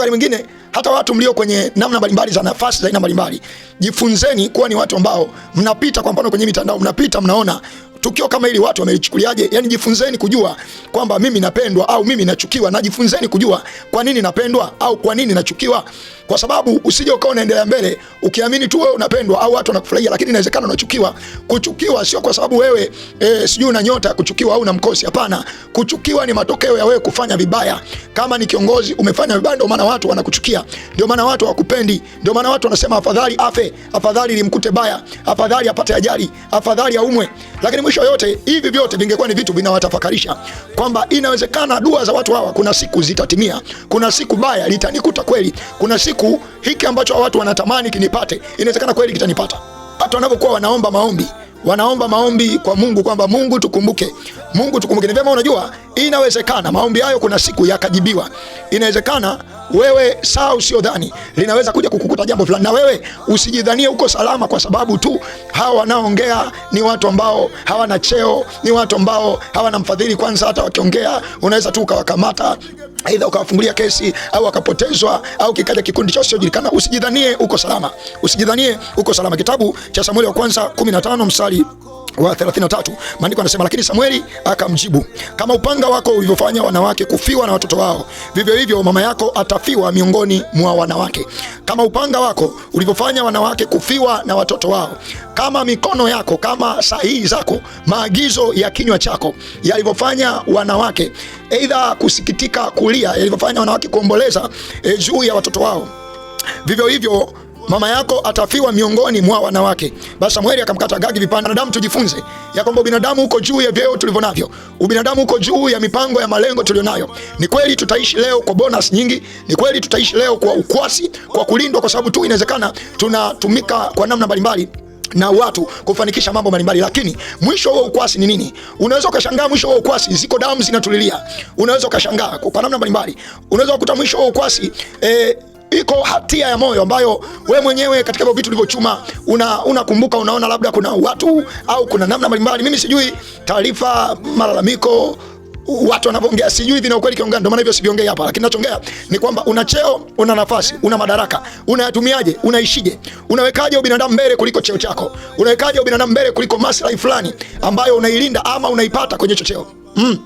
wakati mwingine hata watu mlio kwenye namna mbalimbali za nafasi za aina mbalimbali, jifunzeni kuwa ni watu ambao mnapita, kwa mfano kwenye mitandao mnapita, mnaona tukio kama hili watu wamelichukuliaje? Yani jifunzeni kujua kwamba mimi napendwa au mimi nachukiwa, na jifunzeni kujua kwa nini napendwa au kwa nini nachukiwa, kwa sababu usije ukawa unaendelea mbele ukiamini tu wewe unapendwa au watu wanakufurahia, lakini inawezekana unachukiwa. Kuchukiwa sio kwa sababu wewe e, sijui una nyota kuchukiwa au una mkosi. Hapana, kuchukiwa ni matokeo ya wewe kufanya vibaya. Kama ni kiongozi umefanya vibaya, ndio maana watu wanakuchukia, ndio maana watu hawakupendi, ndio maana watu wanasema afadhali afe, afadhali limkute baya, afadhali apate ajali, afadhali aumwe, lakini mwisho yote, hivi vyote vingekuwa ni vitu vinawatafakarisha kwamba inawezekana dua za watu hawa kuna siku zitatimia, kuna siku baya litanikuta kweli, kuna siku hiki ambacho watu wanatamani kinipate, inawezekana kweli kitanipata. Watu wanapokuwa wanaomba maombi wanaomba maombi kwa Mungu kwamba Mungu tukumbuke, Mungu tukumbuke. Ni vyema, unajua inawezekana maombi hayo kuna siku yakajibiwa. Inawezekana wewe saa usiodhani linaweza kuja kukukuta jambo fulani, na wewe usijidhanie uko salama, kwa sababu tu hawa wanaongea ni watu ambao hawana cheo, ni watu ambao hawana mfadhili. Kwanza hata wakiongea unaweza tu ukawakamata aidha ukawafungulia kesi au akapotezwa au kikaja kikundi cha usiojulikana, usijidhanie uko salama, usijidhanie uko salama. Kitabu cha Samueli wa kwanza 15 mstari wa 33 maandiko anasema, lakini Samueli akamjibu, kama upanga wako ulivyofanya wanawake kufiwa na watoto wao, vivyo hivyo mama yako atafiwa miongoni mwa wanawake. Kama upanga wako ulivyofanya wanawake kufiwa na watoto wao, kama mikono yako, kama sahihi zako, maagizo ya kinywa chako yalivyofanya wanawake aidha kusikitika, kulia, yalivyofanya wanawake kuomboleza eh, juu ya watoto wao, vivyo hivyo mama yako atafiwa miongoni mwa wanawake. Basi Samueli akamkata Gagi vipande. Binadamu tujifunze ya kwamba ubinadamu uko juu ya vyeo tulivyo navyo, ubinadamu uko juu ya mipango ya malengo tulionayo. Ni kweli tutaishi leo kwa bonus nyingi, ni kweli tutaishi leo kwa ukwasi, kwa kulindwa, kwa sababu tu inawezekana tunatumika kwa namna mbalimbali na watu kufanikisha mambo mbalimbali, lakini mwisho huo ukwasi ni nini? Unaweza ukashangaa mwisho huo ukwasi, ziko damu zinatulilia. Unaweza ukashangaa kwa namna mbalimbali, unaweza kukuta mwisho huo ukwasi eh, iko hatia ya moyo ambayo we mwenyewe katika hivyo vitu ulivyochuma unakumbuka, una unaona labda kuna watu au kuna namna mbalimbali. Mimi sijui taarifa, malalamiko watu wanavyoongea sijui vina ukweli kiongea, ndio maana hivyo siviongei hapa, lakini nachongea ni kwamba una cheo, una nafasi, una madaraka, unayatumiaje? Unaishije? Unawekaje ubinadamu mbele kuliko cheo chako? Unawekaje ubinadamu mbele kuliko maslahi fulani ambayo unailinda ama unaipata kwenye hicho cheo? Mm,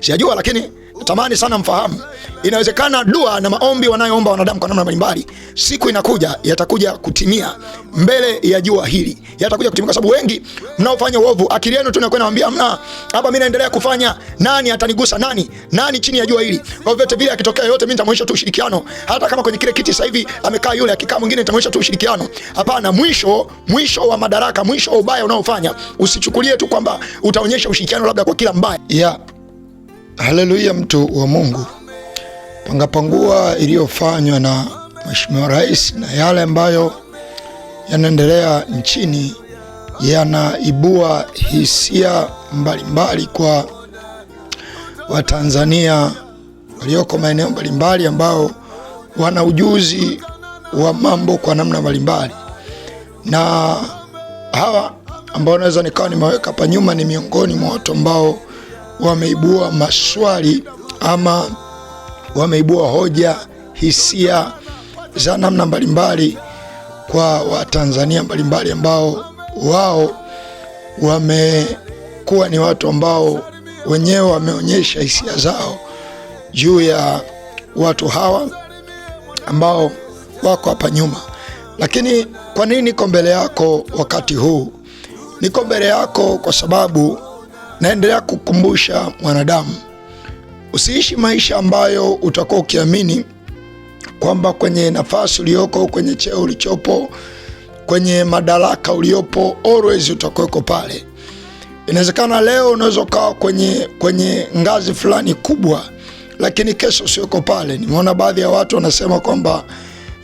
sijajua lakini tamani sana mfahamu, inawezekana dua na maombi wanayoomba wanadamu kwa namna mbalimbali, siku inakuja yatakuja kutimia mbele ya jua hili, yatakuja kutimia, kwa sababu wengi mnaofanya uovu, akili yenu tu inakuwa inawaambia mna hapa, mimi naendelea kufanya, nani atanigusa? Nani nani chini ya jua hili? Kwa vyote vile, akitokea yote, mimi nitamwonyesha tu ushirikiano. Hata kama kwenye kile kiti sasa hivi amekaa yule, akikaa mwingine, nitamwonyesha tu ushirikiano. Hapana, mwisho mwisho wa madaraka, mwisho wa ubaya unaofanya, usichukulie tu kwamba utaonyesha ushirikiano labda kwa kila mbaya, yeah. Haleluya, mtu wa Mungu, pangapangua iliyofanywa na Mheshimiwa Rais na yale ambayo yanaendelea nchini yanaibua hisia mbalimbali mbali kwa Watanzania walioko maeneo mbalimbali ambao wana ujuzi wa mambo kwa namna mbalimbali, na hawa ambao naweza nikawa nimeweka hapa nyuma ni miongoni mwa watu ambao wameibua maswali ama wameibua hoja, hisia za namna mbalimbali kwa Watanzania mbalimbali ambao wao wamekuwa ni watu ambao wenyewe wameonyesha hisia zao juu ya watu hawa ambao wako hapa nyuma. Lakini kwa nini niko mbele yako wakati huu? Niko mbele yako kwa sababu naendelea kukumbusha mwanadamu usiishi maisha ambayo utakuwa ukiamini kwamba kwenye nafasi uliyoko, kwenye cheo ulichopo, kwenye madaraka uliopo, always utakuweko pale. Inawezekana leo unaweza ukawa kwenye, kwenye ngazi fulani kubwa, lakini kesho usiweko pale. Nimeona baadhi ya watu wanasema kwamba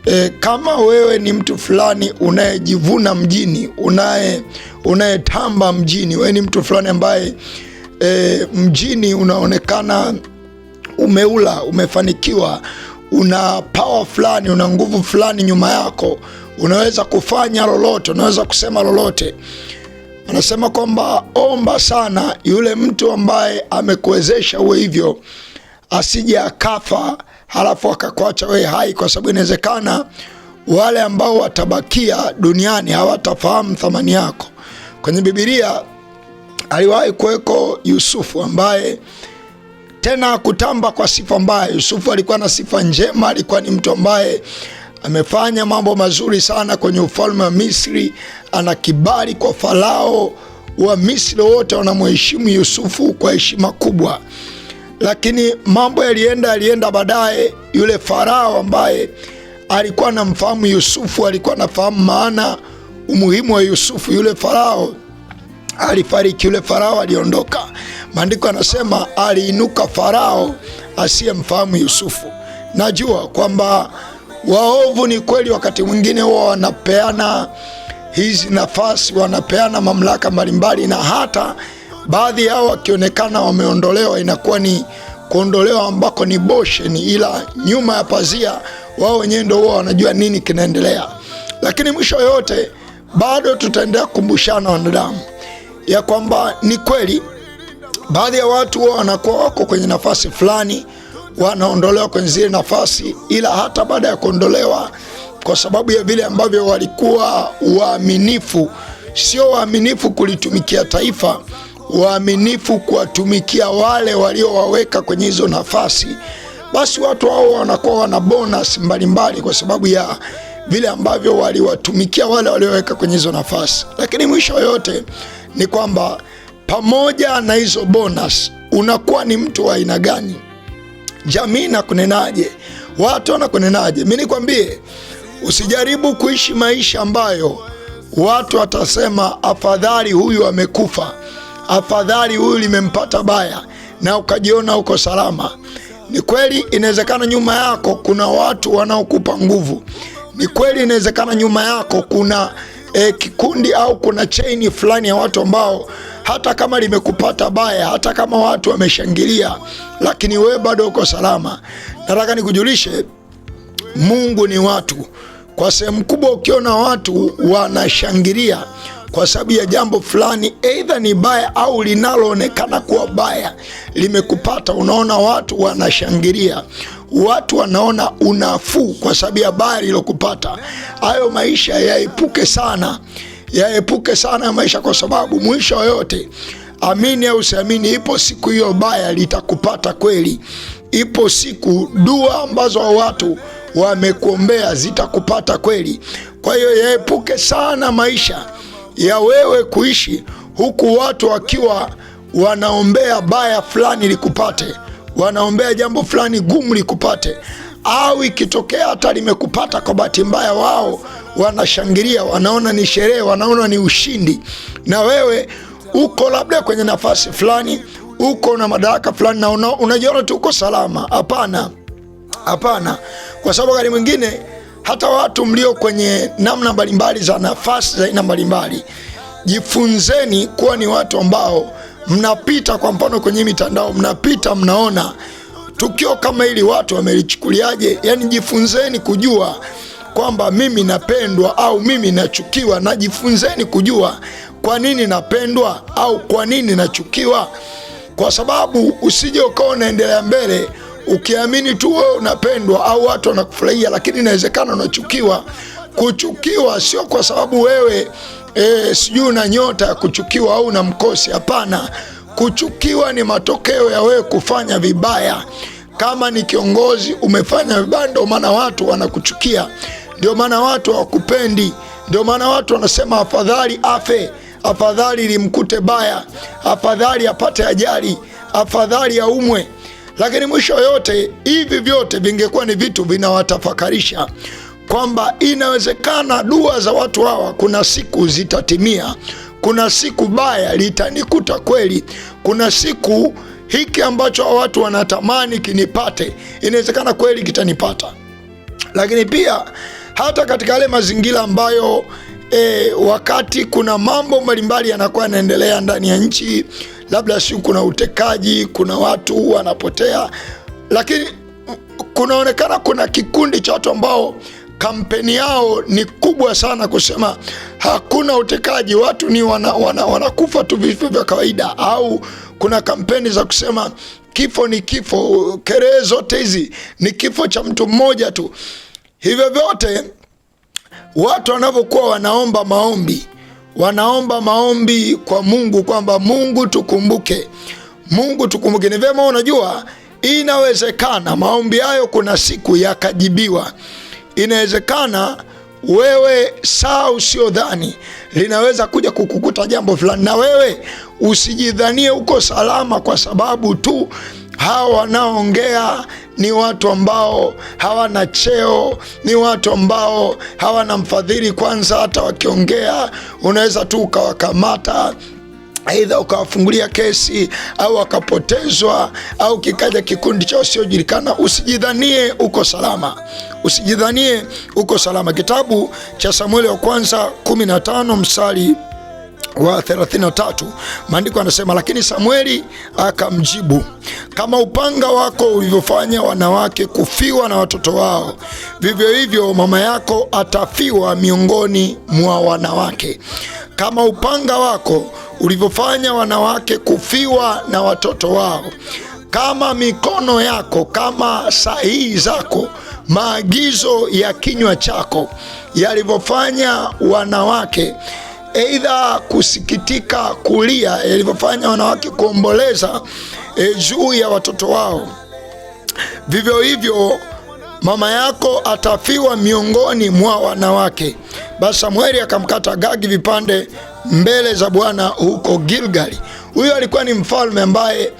E, kama wewe ni mtu fulani unayejivuna mjini, unaye unayetamba mjini, wewe ni mtu fulani ambaye e, mjini unaonekana umeula, umefanikiwa, una pawa fulani, una nguvu fulani nyuma yako, unaweza kufanya lolote, unaweza kusema lolote. Anasema kwamba omba sana yule mtu ambaye amekuwezesha uwe hivyo, asije akafa halafu akakuacha wewe hai, kwa sababu inawezekana wale ambao watabakia duniani hawatafahamu thamani yako. Kwenye Bibilia aliwahi kuweko Yusufu ambaye tena kutamba kwa sifa mbaya. Yusufu alikuwa na sifa njema, alikuwa ni mtu ambaye amefanya mambo mazuri sana kwenye ufalme wa Misri, ana kibali kwa Farao wa Misri, wote wanamheshimu Yusufu kwa heshima kubwa lakini mambo yalienda yalienda. Baadaye yule Farao ambaye alikuwa anamfahamu Yusufu, alikuwa anafahamu maana umuhimu wa Yusufu, yule Farao alifariki, yule Farao aliondoka. Maandiko anasema aliinuka Farao asiyemfahamu Yusufu. Najua kwamba waovu ni kweli, wakati mwingine huwa wanapeana hizi nafasi, wanapeana mamlaka mbalimbali na hata baadhi yao wakionekana wameondolewa, inakuwa ni kuondolewa ambako ni bosheni, ila nyuma ya pazia wao wenyewe ndio huwa wanajua nini kinaendelea. Lakini mwisho yote bado tutaendelea kukumbushana wanadamu ya kwamba ni kweli baadhi ya watu wao wanakuwa wako kwenye nafasi fulani, wanaondolewa kwenye zile nafasi, ila hata baada ya kuondolewa, kwa sababu ya vile ambavyo walikuwa waaminifu, sio waaminifu kulitumikia taifa waaminifu kuwatumikia wale waliowaweka kwenye hizo nafasi, basi watu hao wanakuwa wana bonus mbalimbali kwa sababu ya vile ambavyo waliwatumikia wale walioweka kwenye hizo nafasi. Lakini mwisho yote ni kwamba pamoja na hizo bonus unakuwa ni mtu wa aina gani? Jamii nakunenaje? Watu wanakunenaje? Mi nikwambie, usijaribu kuishi maisha ambayo watu watasema afadhali huyu amekufa afadhali huyu limempata baya na ukajiona uko salama. Ni kweli inawezekana nyuma yako kuna watu wanaokupa nguvu. Ni kweli inawezekana nyuma yako kuna e, kikundi au kuna chaini fulani ya watu ambao hata kama limekupata baya, hata kama watu wameshangilia, lakini wewe bado uko salama. Nataka nikujulishe, Mungu ni watu. Kwa sehemu kubwa, ukiona watu wanashangilia kwa sababu ya jambo fulani, aidha ni baya au linaloonekana kuwa baya limekupata. Unaona watu wanashangilia, watu wanaona unafuu kwa sababu ya baya lilokupata. Hayo maisha yaepuke sana, yaepuke sana maisha, kwa sababu mwisho yote, amini au usiamini, ipo siku hiyo baya litakupata kweli. Ipo siku dua ambazo watu wamekuombea zitakupata kweli. Kwa hiyo yaepuke sana maisha ya wewe kuishi huku watu wakiwa wanaombea baya fulani likupate, wanaombea jambo fulani gumu likupate, au ikitokea hata limekupata kwa bahati mbaya, wao wanashangilia, wanaona ni sherehe, wanaona ni ushindi, na wewe uko labda kwenye nafasi fulani, uko na madaraka fulani, na unajiona tu uko salama. Hapana, hapana, kwa sababu gari mwingine hata watu mlio kwenye namna mbalimbali za nafasi za aina mbalimbali, jifunzeni kuwa ni watu ambao mnapita, kwa mfano kwenye mitandao mnapita, mnaona tukio kama hili watu wamelichukuliaje? Yani jifunzeni kujua kwamba mimi napendwa au mimi nachukiwa, na jifunzeni kujua kwa nini napendwa au kwa nini nachukiwa, kwa sababu usije ukawa unaendelea mbele Ukiamini tu wewe unapendwa au watu wanakufurahia, lakini inawezekana unachukiwa. Kuchukiwa sio kwa sababu wewe e, sijui una nyota ya kuchukiwa au una mkosi. Hapana, kuchukiwa ni matokeo ya wewe kufanya vibaya. Kama ni kiongozi umefanya vibaya, ndio maana watu wanakuchukia, ndio maana watu hawakupendi, ndio maana watu wanasema afadhali afe, afadhali limkute baya, afadhali apate ajali, afadhali aumwe. Lakini mwisho yote, hivi vyote vingekuwa ni vitu vinawatafakarisha kwamba inawezekana dua za watu hawa kuna siku zitatimia, kuna siku baya litanikuta kweli, kuna siku hiki ambacho hawa watu wanatamani kinipate, inawezekana kweli kitanipata. Lakini pia hata katika yale mazingira ambayo E, wakati kuna mambo mbalimbali yanakuwa yanaendelea ndani ya nchi labda si kuna utekaji, kuna watu wanapotea, lakini kunaonekana kuna kikundi cha watu ambao kampeni yao ni kubwa sana kusema hakuna utekaji, watu ni wanakufa wana, wana tu vifo vya kawaida, au kuna kampeni za kusema kifo ni kifo, kelele zote hizi ni kifo cha mtu mmoja tu. Hivyo vyote watu wanavyokuwa wanaomba maombi wanaomba maombi kwa Mungu kwamba Mungu tukumbuke, Mungu tukumbuke. Ni vema unajua inawezekana maombi hayo kuna siku yakajibiwa. Inawezekana wewe saa usiodhani linaweza kuja kukukuta jambo fulani, na wewe usijidhanie uko salama, kwa sababu tu hawa wanaongea ni watu ambao hawana cheo, ni watu ambao hawana mfadhili. Kwanza hata wakiongea unaweza tu ukawakamata aidha ukawafungulia kesi au wakapotezwa au kikaja kikundi cha wasiojulikana. Usijidhanie uko salama, usijidhanie uko salama. Kitabu cha Samueli wa kwanza 15 mstari wa 33 maandiko anasema lakini Samueli akamjibu, kama upanga wako ulivyofanya wanawake kufiwa na watoto wao, vivyo hivyo mama yako atafiwa miongoni mwa wanawake. Kama upanga wako ulivyofanya wanawake kufiwa na watoto wao, kama mikono yako, kama sahihi zako, maagizo ya kinywa chako yalivyofanya wanawake Aidha kusikitika, kulia yalivyofanya wanawake kuomboleza e, juu ya watoto wao. Vivyo hivyo mama yako atafiwa miongoni mwa wanawake. Basi Samueli akamkata Gagi vipande mbele za Bwana huko Gilgali. Huyo alikuwa ni mfalme ambaye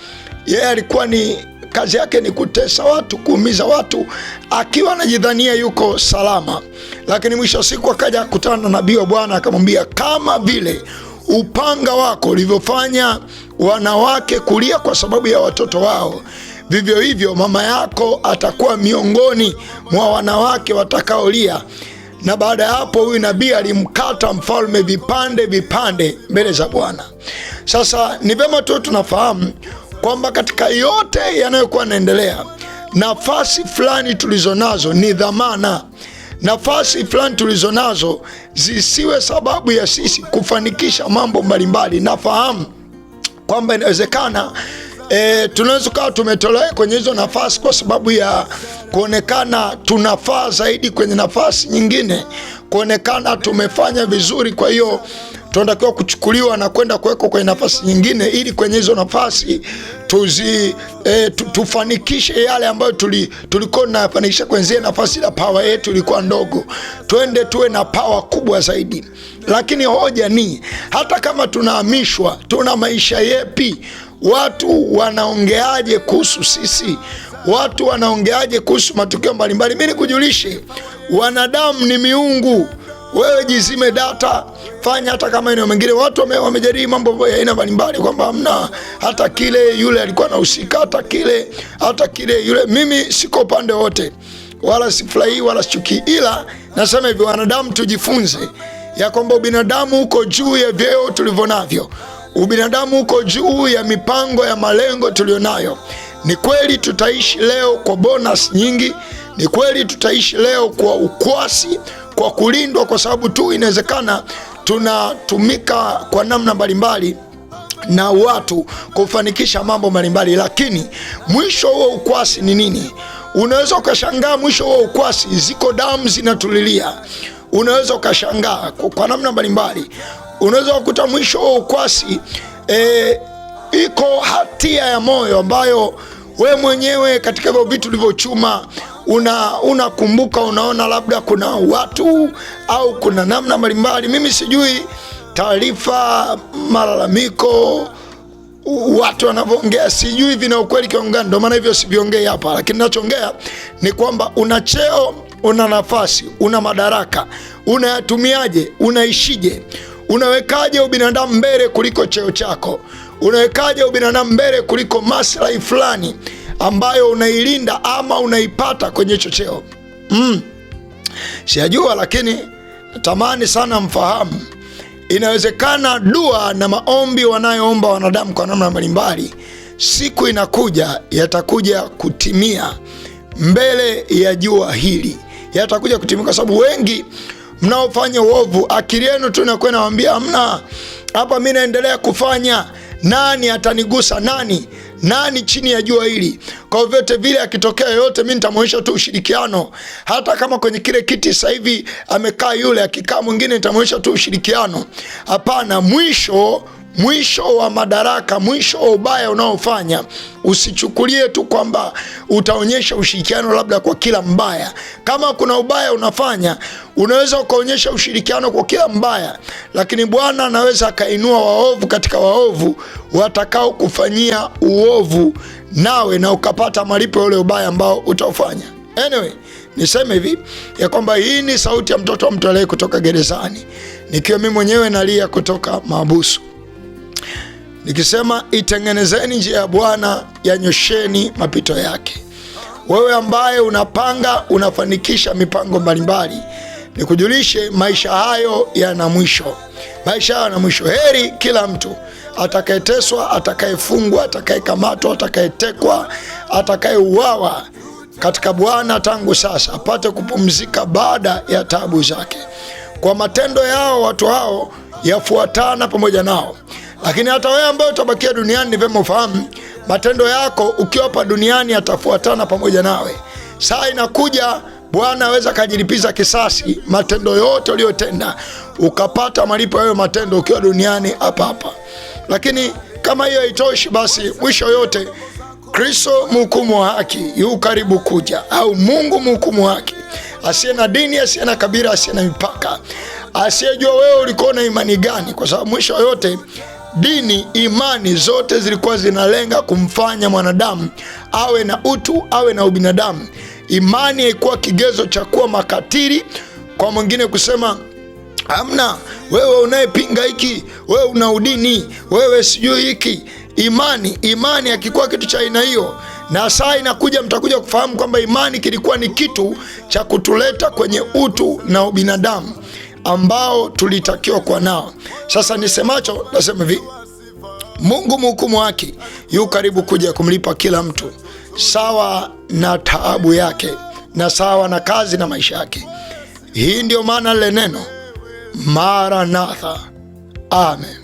yeye alikuwa ni kazi yake ni kutesa watu, kuumiza watu, akiwa anajidhania yuko salama, lakini mwisho wa siku akaja akutana na nabii wa Bwana akamwambia, kama vile upanga wako ulivyofanya wanawake kulia kwa sababu ya watoto wao, vivyo hivyo mama yako atakuwa miongoni mwa wanawake watakaolia. Na baada ya hapo, huyu nabii alimkata mfalme vipande vipande mbele za Bwana. Sasa ni vema tu tunafahamu kwamba katika yote yanayokuwa yanaendelea, nafasi fulani tulizonazo ni dhamana. Nafasi fulani tulizonazo zisiwe sababu ya sisi kufanikisha mambo mbalimbali. Nafahamu kwamba inawezekana E, tunaweza ukawa tumetolewa kwenye hizo nafasi kwa sababu ya kuonekana tunafaa zaidi kwenye nafasi nyingine, kuonekana tumefanya vizuri. Kwa hiyo tunatakiwa kuchukuliwa na kwenda kuwekwa kwenye nafasi nyingine, ili kwenye hizo nafasi tuzi e, tufanikishe yale ambayo tulikuwa tunafanikisha kwenye zile nafasi, la pawa yetu ilikuwa ndogo, twende tuwe na pawa kubwa zaidi. Lakini hoja ni hata kama tunahamishwa, tuna maisha yepi? Watu wanaongeaje kuhusu sisi? Watu wanaongeaje kuhusu matukio mbalimbali? Mi nikujulishe, wanadamu ni miungu. Wewe jizime data, fanya hata kama eneo mengine. Watu wamejaribu mambo ya aina mbalimbali, kwamba hamna hata kile yule alikuwa anahusika, hata kile hata kile yule. Mimi siko upande wote, wala sifurahi wala sichuki, ila nasema hivi, wanadamu tujifunze ya kwamba ubinadamu uko juu ya vyeo tulivyo navyo, ubinadamu uko juu ya mipango ya malengo tulionayo. Ni kweli tutaishi leo kwa bonus nyingi, ni kweli tutaishi leo kwa ukwasi kwa kulindwa, kwa sababu tu inawezekana tunatumika kwa namna mbalimbali na watu kufanikisha mambo mbalimbali, lakini mwisho huo ukwasi ni nini? Unaweza ukashangaa mwisho huo ukwasi, ziko damu zinatulilia. Unaweza ukashangaa kwa namna mbalimbali, unaweza kukuta mwisho huo ukwasi e, iko hatia ya moyo ambayo we mwenyewe katika hivyo vitu ulivyochuma unakumbuka, unaona labda kuna watu au kuna namna mbalimbali, mimi sijui taarifa, malalamiko watu wanavyoongea sijui vina ukweli kiwango gani, ndio maana hivyo siviongei hapa, lakini nachoongea ni kwamba una cheo, una nafasi, una madaraka, unayatumiaje? Unaishije? Unawekaje ubinadamu mbele kuliko cheo chako? Unawekaje ubinadamu mbele kuliko maslahi fulani? ambayo unailinda ama unaipata kwenye chocheo mm. Siyajua, lakini natamani sana mfahamu, inawezekana dua na maombi wanayoomba wanadamu kwa namna mbalimbali, siku inakuja yatakuja kutimia mbele ya jua hili, yatakuja kutimia, kwa sababu wengi mnaofanya uovu akili yenu tu inakuwa inawaambia hamna, hapa mi naendelea kufanya, nani atanigusa? Nani nani chini ya jua hili. Kwa vyote vile, akitokea yoyote, mi nitamwonyesha tu ushirikiano. Hata kama kwenye kile kiti sasa hivi amekaa yule, akikaa mwingine, nitamwonyesha tu ushirikiano. Hapana, mwisho mwisho wa madaraka, mwisho wa ubaya unaofanya, usichukulie tu kwamba utaonyesha ushirikiano labda kwa kila mbaya. Kama kuna ubaya unafanya, unaweza ukaonyesha ushirikiano kwa kila mbaya, lakini Bwana anaweza akainua waovu katika waovu watakao kufanyia uovu nawe na ukapata malipo yule ubaya ambao utaufanya. Anyway, niseme hivi ya kwamba hii ni sauti ya mtoto wa mtu aliye kutoka gerezani, nikiwa mimi mwenyewe nalia kutoka maabusu nikisema itengenezeni njia ya Bwana, yanyosheni mapito yake. Wewe ambaye unapanga unafanikisha mipango mbalimbali, nikujulishe maisha hayo yana mwisho, maisha hayo yana mwisho. Heri kila mtu atakayeteswa, atakayefungwa, atakayekamatwa, atakayetekwa, atakayeuawa katika Bwana tangu sasa apate kupumzika baada ya taabu zake. Kwa matendo yao watu hao yafuatana pamoja nao. Lakini hata wewe ambaye utabakia duniani, ni vema ufahamu matendo yako ukiwa hapa duniani yatafuatana pamoja nawe. Saa inakuja Bwana aweza kajilipiza kisasi matendo yote uliyotenda, ukapata malipo ya hayo matendo ukiwa duniani hapa hapa. Lakini kama hiyo haitoshi, basi mwisho yote Kristo mhukumu wa haki yu karibu kuja, au Mungu mhukumu wa haki, asiye na dini, asiye na kabila, asiye na mipaka, asiyejua wewe ulikuwa na imani gani, kwa sababu mwisho yote dini, imani zote zilikuwa zinalenga kumfanya mwanadamu awe na utu, awe na ubinadamu. Imani haikuwa kigezo cha kuwa makatili, kwa mwingine kusema amna wewe unayepinga hiki, wewe una udini, wewe sijui hiki. Imani, imani akikuwa kitu cha aina hiyo na saa inakuja mtakuja kufahamu kwamba imani kilikuwa ni kitu cha kutuleta kwenye utu na ubinadamu ambao tulitakiwa kuwa nao. Sasa nisemacho nasema hivi, Mungu mhukumu wake yu karibu kuja kumlipa kila mtu sawa na taabu yake na sawa na kazi na maisha yake. Hii ndiyo maana lile neno Maranatha. Amen.